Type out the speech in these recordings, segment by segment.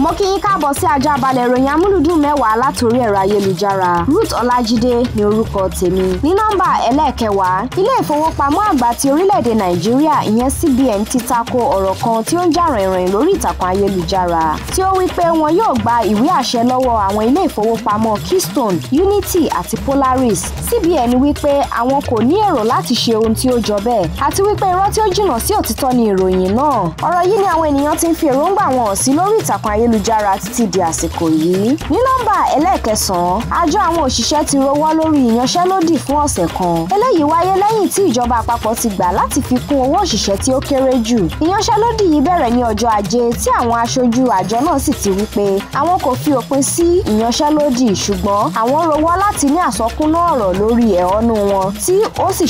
mo kí yín káàbọ̀ sí àjàbalẹ̀ ìròyìn amúlùdùn mẹ́wàá látòrí ẹ̀rọ ayélujára Ruth Ọlájídé ni orúkọ tèmi ní nọ́mbà ẹlẹ́ẹ̀kẹwàá ilé ìfowópamọ́ àgbà ti orílẹ̀-èdè Nàìjíríà ìyẹn CBN ti tako ọ̀rọ̀ kan tí ó ń jà rìnrìn lórí ìtàkùn ayélujára tí ó wí pé wọn yóò gba ìwé àṣẹ lọ́wọ́ àwọn ilé ìfowópamọ́ Keystone Unity àti Polaris CBN wí pé àwọn kò ní èrò láti ṣe ohun tí ó jọ bẹ́ẹ̀ àti wípé irọ́ tí ó jìnnà sí òtítọ́ ni ìròyìn náà ọ̀rọ̀ yìí ni àwọn ènìyàn ti ń fi èròǹgbà wọn sí lórí ìtàkùn ayélujára ayélujára títí di àsìkò yìí. ní nọ́mbà ẹlẹ́ẹ̀kẹsàn-án àjọ àwọn òṣìṣẹ́ ti rọwọ́ lórí ìyanṣẹ́lódì fún ọ̀sẹ̀ kan eléyìí wáyé lẹ́yìn tí ìjọba àpapọ̀ ti gbà láti fi kún owó òṣìṣẹ́ tí ó kéré jù ìyanṣẹ́lódì yìí bẹ̀rẹ̀ ní ọjọ́ ajé tí àwọn aṣojú àjọ náà sì ti wí pé àwọn kò fi òpin sí ìyanṣẹ́lódì ṣùgbọ́n àwọn rọwọ́ láti ní àsọkúnná ọ̀rọ̀ lórí ẹ̀hónú wọn tí ó sì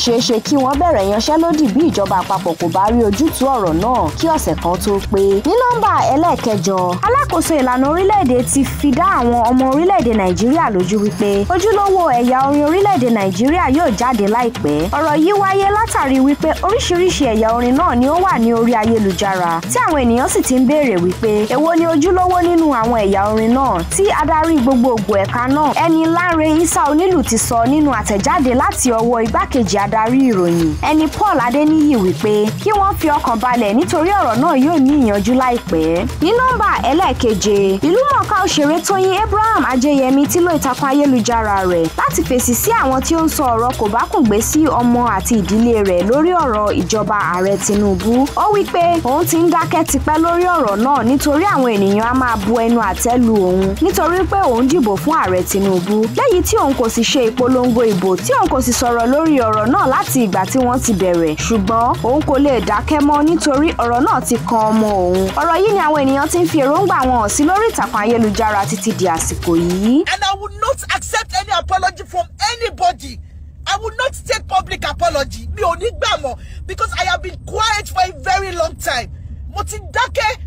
alákòóso ìlànà orílẹ̀-èdè ti fi dá àwọn ọmọ orílẹ̀-èdè nàìjíríà lójú wípé ojúlówó ẹ̀yà orin orílẹ̀-èdè nàìjíríà yóò jáde láìpẹ́ ọ̀rọ̀ yìí wáyé látàrí wípé oríṣiríṣi ẹ̀yà orin náà ni ó wà ní orí ayélujára tí àwọn ènìyàn sì ti ń béèrè wípé èwo ni ojúlówó nínú àwọn ẹ̀yà orin náà tí adarí gbogbogbò ẹ̀ka náà ẹni Lánre Isa Onílù ti sọ nínú àtẹ̀jáde láti ọwọ́ igbákejì adarí ìròyìn ẹni Paul Adéníyì wípé kí wọ́n fi ọkàn balẹ̀ nítorí ọ̀rọ̀ náà yóò ní ìyanjú láìpẹ́ ní nọ́mbà ẹlẹ́ẹ̀k keje ìlú mọ̀ọ́ká òṣèré Tóyìn Abraham Ajéyẹmí ti lo ìtàkùn ayélujára rẹ̀ láti fèsì sí àwọn tí ó ń sọ ọ̀rọ̀ kò bá kùngbé sí ọmọ àti ìdílé rẹ̀ lórí ọ̀rọ̀ ìjọba ààrẹ Tinubu ó wí pé òun ti ń dákẹ́ tipẹ́ lórí ọ̀rọ̀ náà nítorí àwọn ènìyàn á máa bu ẹnu àtẹ́ lu òun nítorí pé òun dìbò fún ààrẹ Tinubu lẹ́yìn tí òun kò sì ṣe ìpolongo ìbò tí òun kò sì sọ̀rọ̀ lórí ọ̀rọ̀ náà láti ìgbà tí wọ́n ti bẹ̀rẹ̀ ṣùgbọ́n òun kò lè dákẹ́ mọ́ nítorí ọ̀rọ̀ náà ti kan ọmọ òun ọ̀rọ̀ yìí ni àwọn ènìyàn ti ń fi èròǹgbà wọn sí lórí ìtàkùn ayélujára títí di àsìkò yìí. And I will not accept any apology from anybody. I will not take public apology. Mi ò ní gbà mọ́ because I have been quiet for a very long time. Mo ti dákẹ́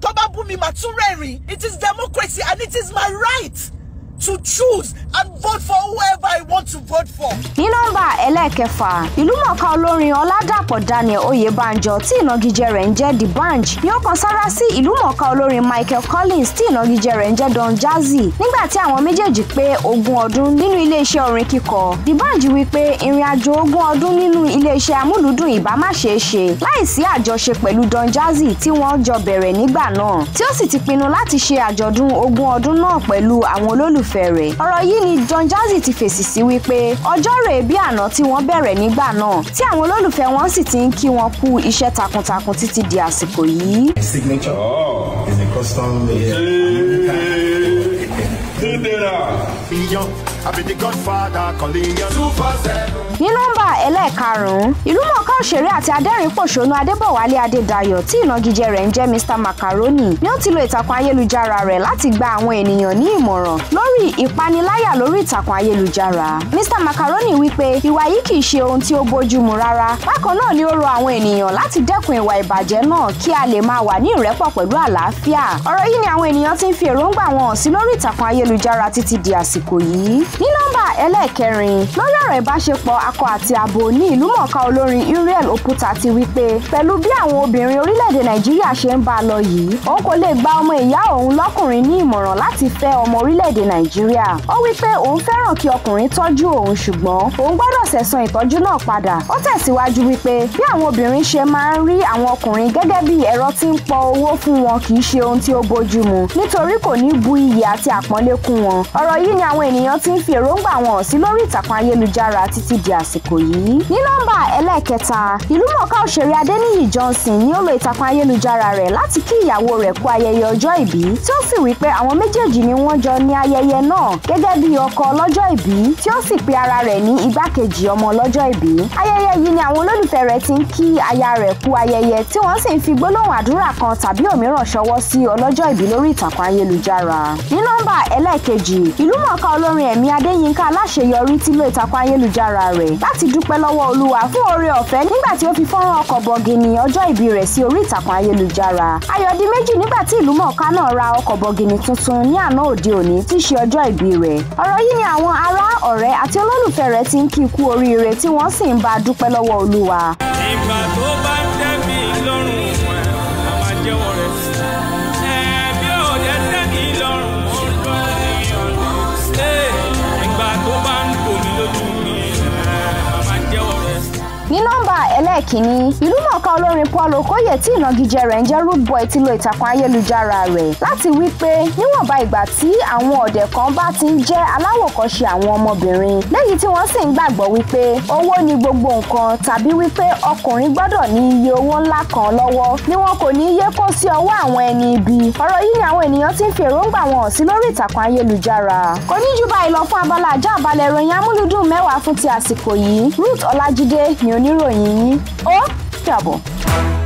tó bá bú mi màá It is democracy and it is my right to choose and vote for whoever I want to vote for. ní nọ́mbà ẹlẹ́ẹ̀kẹfà ìlúmọ̀ọ́ká olórin ọládàpọ̀ daniel oyèbánjọ tí ìnagijẹ rẹ̀ ń jẹ́ d'banj ni ó kan sára sí ìlúmọ̀ọ́ká olórin michael collins tí ìnagijẹ rẹ̀ ń jẹ́ don jazzy nígbà tí àwọn méjèèjì pé ogún ọdún nínú iléeṣẹ́ orin kíkọ d'banj wí pé ìrìn àjò ogún ọdún nínú iléeṣẹ́ amúlùúdùn ìbá má ṣe ṣe láìsí àjọṣe pẹ̀lú don jazzy tí wọ́n jọ bẹ̀rẹ̀ nígbà náà tí ó sì ti pinnu láti ṣe àjọ̀dún ogún ọdún náà pẹ̀lú àwọn olólùf olólùfẹ́ rẹ̀. ọ̀rọ̀ yìí ni Don Jazzy ti fèsì sí wípé ọjọ́ rèé bí àná tí wọ́n bẹ̀rẹ̀ nígbà náà tí àwọn olólùfẹ́ wọn sì ti ń kí wọn kú iṣẹ́ takuntakun títí di àsìkò yìí. signature oh. is a custom. Yeah. Yeah. Yeah. Yeah. Yeah. Yeah. Yeah. Yeah ní nọ́mbà ẹlẹ́ẹ̀karùn-ún ìlúmọ̀ọ́ká òṣèré àti adẹ́rìn-pọ̀ṣónú adébọ̀wálé adédayọ̀ tí ìnagijẹ rẹ̀ ń jẹ́ mr macaroni ni ó ti lo ìtàkùn ayélujára rẹ̀ láti gba àwọn ènìyàn ní ìmọ̀ràn lórí ìpaniláyà lórí ìtàkùn ayélujára mr macaroni wípé ìwà yìí kì í ṣe ohun tí ó bójúmu rárá bákan náà ni ó rọ àwọn ènìyàn láti dẹ́kun ìwà ìbàjẹ́ náà kí a lè máa wà ní ìrẹ́pọ̀ pẹ̀lú àlàáfíà ọ̀rọ̀ yìí ni àwọn ènìyàn ti ń fi èròǹgbà wọn hàn sí lórí ìtàkùn ayélujára títí di àsìkò yìí ní nọ́mbà ẹlẹ́ẹ̀kẹrin lórí ọ̀rọ̀ ìbáṣepọ̀ akọ àti abo ní ìlúmọ̀ọ́ká olórin Uriel Oputa ti wí pé pẹ̀lú bí àwọn obìnrin orílẹ̀-èdè Nàìjíríà ṣe ń bá a lọ yìí òun kò lè gba ọmọ ìyá òun lọ́kùnrin ní ìmọ̀ràn láti fẹ́ ọmọ orílẹ̀-èdè Nàìjíríà ó wí pé òun fẹ́ràn kí ọkùnrin tọ́jú òun ṣùgbọ́n òun gbọ́dọ̀ sẹ̀san ìtọ́jú náà padà ó tẹ̀síwájú wípé bí àwọn obìnrin ṣe máa ń rí àwọn ọkùnrin gẹ́gẹ́ bí ẹ̀rọ tí ń pọ owó fún wọn kì í ṣe ohun tí ó bójú mu nítorí kò ní bu iyì àti àpọ́nlé wọn ọ̀rọ̀ yìí ni àwọn ènìyàn ti ń fi èròǹgbà wọn sí lórí ìtàkùn ayélujára títí di àsìkò yìí ní nọ́mbà ẹ̀kẹta ìlúmọ̀ọ́ká òṣèré Adéníyì Johnson ni ó lo ìtàkùn ayélujára rẹ̀ láti kí ìyàwó rẹ̀ kú ayẹyẹ ọjọ́ ìbí tí ó sì wí pé àwọn méjèèjì ni wọ́n jọ ní ayẹyẹ náà gẹ́gẹ́ bí ọkọ ọlọ́jọ́ ìbí tí ó sì pe ara rẹ̀ ní igbákejì ọmọ ọlọ́jọ́ ìbí ayẹyẹ yìí ni àwọn olólùfẹ́ rẹ̀ ti ń kí aya rẹ̀ kú ayẹyẹ tí wọ́n sì ń fi gbólóhùn àdúrà kan tàbí òmíràn ṣọwọ́ sí ọlọ́jọ́ ìbí lórí ìtàkùn ayélujára ní nọ́mbà ẹlẹ́ẹ̀kejì ìlúmọ̀ọ́ká olórin ẹ̀mí Adéyínká aláṣeyọrí ti lo ìtàkùn ayélujára rẹ̀ láti dúpẹ́ lọ́wọ́ Olúwa fún oore oore ọ̀fẹ́ nígbà tí ó fi fọ́nrán ọkọ̀ bọ̀gìnì ọjọ́ ìbí rẹ̀ sí orí ìtàkùn ayélujára ayọ̀dí méjì nígbà tí ìlú mọ̀ọ́ká náà ra ọkọ̀ bọ̀gìnì tuntun ní àná òde òní tí í ṣe ọjọ́ ìbí rẹ̀ ọ̀rọ̀ yìí ni àwọn ará ọ̀rẹ́ àti olólùfẹ́ rẹ̀ ti ń kí i oríire tí wọ́n sì ń bá a dúpẹ́ lọ́wọ́ olúwa. ìgbà tó bá ẹlẹ́ẹ̀kínní ìlúmọ̀ọ́ká olórin Paul Okoye tí ìnagijẹ rẹ̀ ń jẹ́ Rude Boy ti lo ìtàkùn ayélujára rẹ̀ láti wí pé níwọ̀nba ìgbà tí àwọn ọ̀dẹ̀ kan bá ti ń jẹ́ aláwòkọ́ṣe àwọn ọmọbìnrin lẹ́yìn tí wọ́n sì ń gbàgbọ́ wípé owó ni gbogbo nǹkan tàbí wípé ọkùnrin gbọ́dọ̀ ní iye owó ńlá kan lọ́wọ́ ni wọn kò ní yé kó sí ọwọ́ àwọn ẹni ibi ọ̀rọ̀ yìí ni àwọn ènìyàn ti ń fi èròǹgbà wọn sí lórí ìtàkùn ayélujára kò ní jù báyìí lọ fún abala ajá àbálẹ̀ ìròyìn amúlùdùn mẹ́wàá fún ti àsìkò yìí Ruth Ọlájídé ni oníròyìn yín or double.